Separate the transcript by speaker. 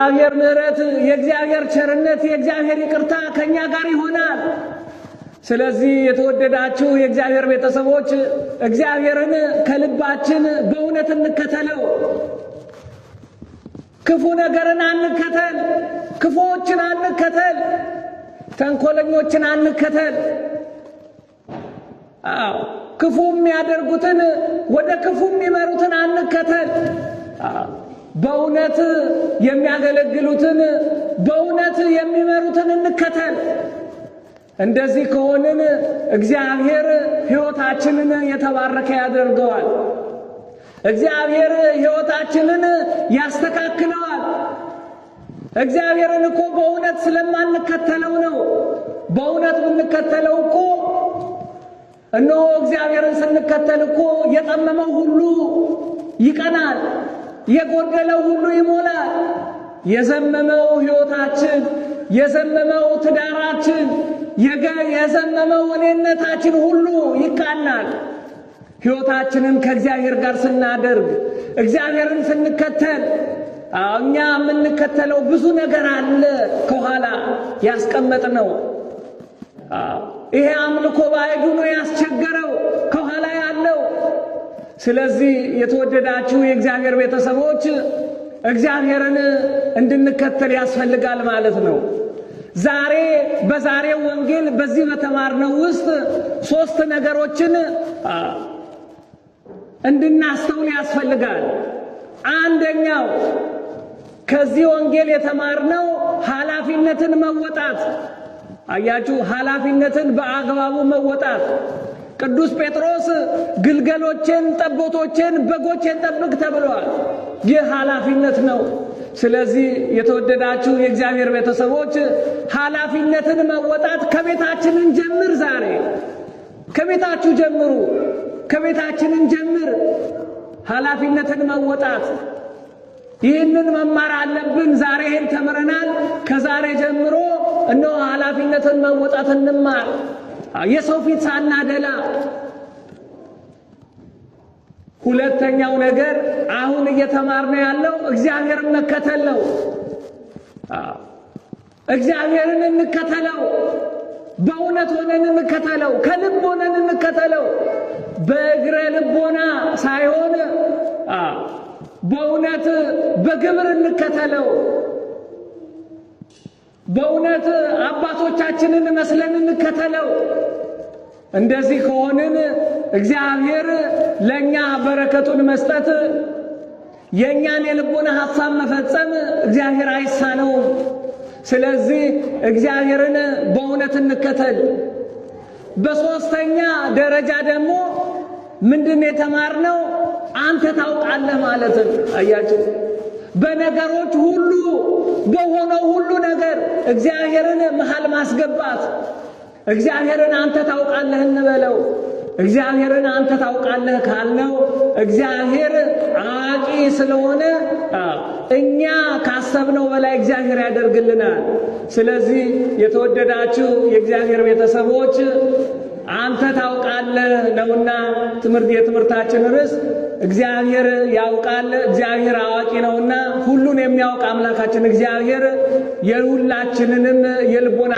Speaker 1: የእግዚአብሔር ምሕረት፣ የእግዚአብሔር ቸርነት፣ የእግዚአብሔር ይቅርታ ከእኛ ጋር ይሆናል። ስለዚህ የተወደዳችሁ የእግዚአብሔር ቤተሰቦች እግዚአብሔርን ከልባችን በእውነት እንከተለው። ክፉ ነገርን አንከተል፣ ክፉዎችን አንከተል፣ ተንኮለኞችን አንከተል። አዎ ክፉ የሚያደርጉትን ወደ ክፉ የሚመሩትን አንከተል። በእውነት የሚያገለግሉትን በእውነት የሚመሩትን እንከተል። እንደዚህ ከሆንን እግዚአብሔር ሕይወታችንን የተባረከ ያደርገዋል። እግዚአብሔር ሕይወታችንን ያስተካክለዋል። እግዚአብሔርን እኮ በእውነት ስለማንከተለው ነው። በእውነት ብንከተለው እኮ እነሆ እግዚአብሔርን ስንከተል እኮ የጠመመው ሁሉ ይቀናል። የጎደለው ሁሉ ይሞላል። የዘመመው ሕይወታችን፣ የዘመመው ትዳራችን፣ የዘመመው እኔነታችን ሁሉ ይቃናል። ሕይወታችንን ከእግዚአብሔር ጋር ስናደርግ፣ እግዚአብሔርን ስንከተል እኛ የምንከተለው ብዙ ነገር አለ። ከኋላ ያስቀመጥ ነው። ይሄ አምልኮ ባዕዱ ነው ያስቸገረው። ስለዚህ የተወደዳችሁ የእግዚአብሔር ቤተሰቦች እግዚአብሔርን እንድንከተል ያስፈልጋል ማለት ነው። ዛሬ በዛሬው ወንጌል በዚህ በተማርነው ውስጥ ሶስት ነገሮችን እንድናስተውል ያስፈልጋል። አንደኛው ከዚህ ወንጌል የተማርነው ኃላፊነትን መወጣት አያችሁ፣ ኃላፊነትን በአግባቡ መወጣት ቅዱስ ጴጥሮስ ግልገሎችን፣ ጠቦቶችን፣ በጎችን ጠብቅ ተብሏል። ይህ ኃላፊነት ነው። ስለዚህ የተወደዳችሁ የእግዚአብሔር ቤተሰቦች ኃላፊነትን መወጣት ከቤታችንን ጀምር። ዛሬ ከቤታችሁ ጀምሩ። ከቤታችንን ጀምር። ኃላፊነትን መወጣት ይህንን መማር አለብን። ዛሬ ይህን ተምረናል። ከዛሬ ጀምሮ እነሆ ኃላፊነትን መወጣት እንማር። የሰው ፊት ሳናደላ። ሁለተኛው ነገር አሁን እየተማርነ ያለው እግዚአብሔርን መከተል ነው። እግዚአብሔርን እንከተለው፣ በእውነት ሆነን እንከተለው፣ ከልብ ሆነን እንከተለው። በእግረ ልቦና ሳይሆን በእውነት በግብር እንከተለው። በእውነት አባቶቻችንን መስለን እንከተለው። እንደዚህ ከሆንን እግዚአብሔር ለእኛ በረከቱን መስጠት የእኛን የልቦና ሐሳብ መፈጸም እግዚአብሔር አይሳነውም። ስለዚህ እግዚአብሔርን በእውነት እንከተል። በሦስተኛ ደረጃ ደግሞ ምንድን የተማርነው አንተ ታውቃለህ ማለት ነው። አያችሁ በነገሮች ሁሉ በሆነው ሁሉ ነገር እግዚአብሔርን መሃል ማስገባት። እግዚአብሔርን አንተ ታውቃለህ እንበለው። እግዚአብሔርን አንተ ታውቃለህ ካልነው እግዚአብሔር አዋቂ ስለሆነ እኛ ካሰብነው በላይ እግዚአብሔር ያደርግልናል። ስለዚህ የተወደዳችሁ የእግዚአብሔር ቤተሰቦች አንተ ታውቃለህ ነውና ትምህርት የትምህርታችን ርዕስ እግዚአብሔር ያውቃል፣ እግዚአብሔር አዋቂ ነውና ሁሉን የሚያውቅ አምላካችን እግዚአብሔር የሁላችንንም የልቦና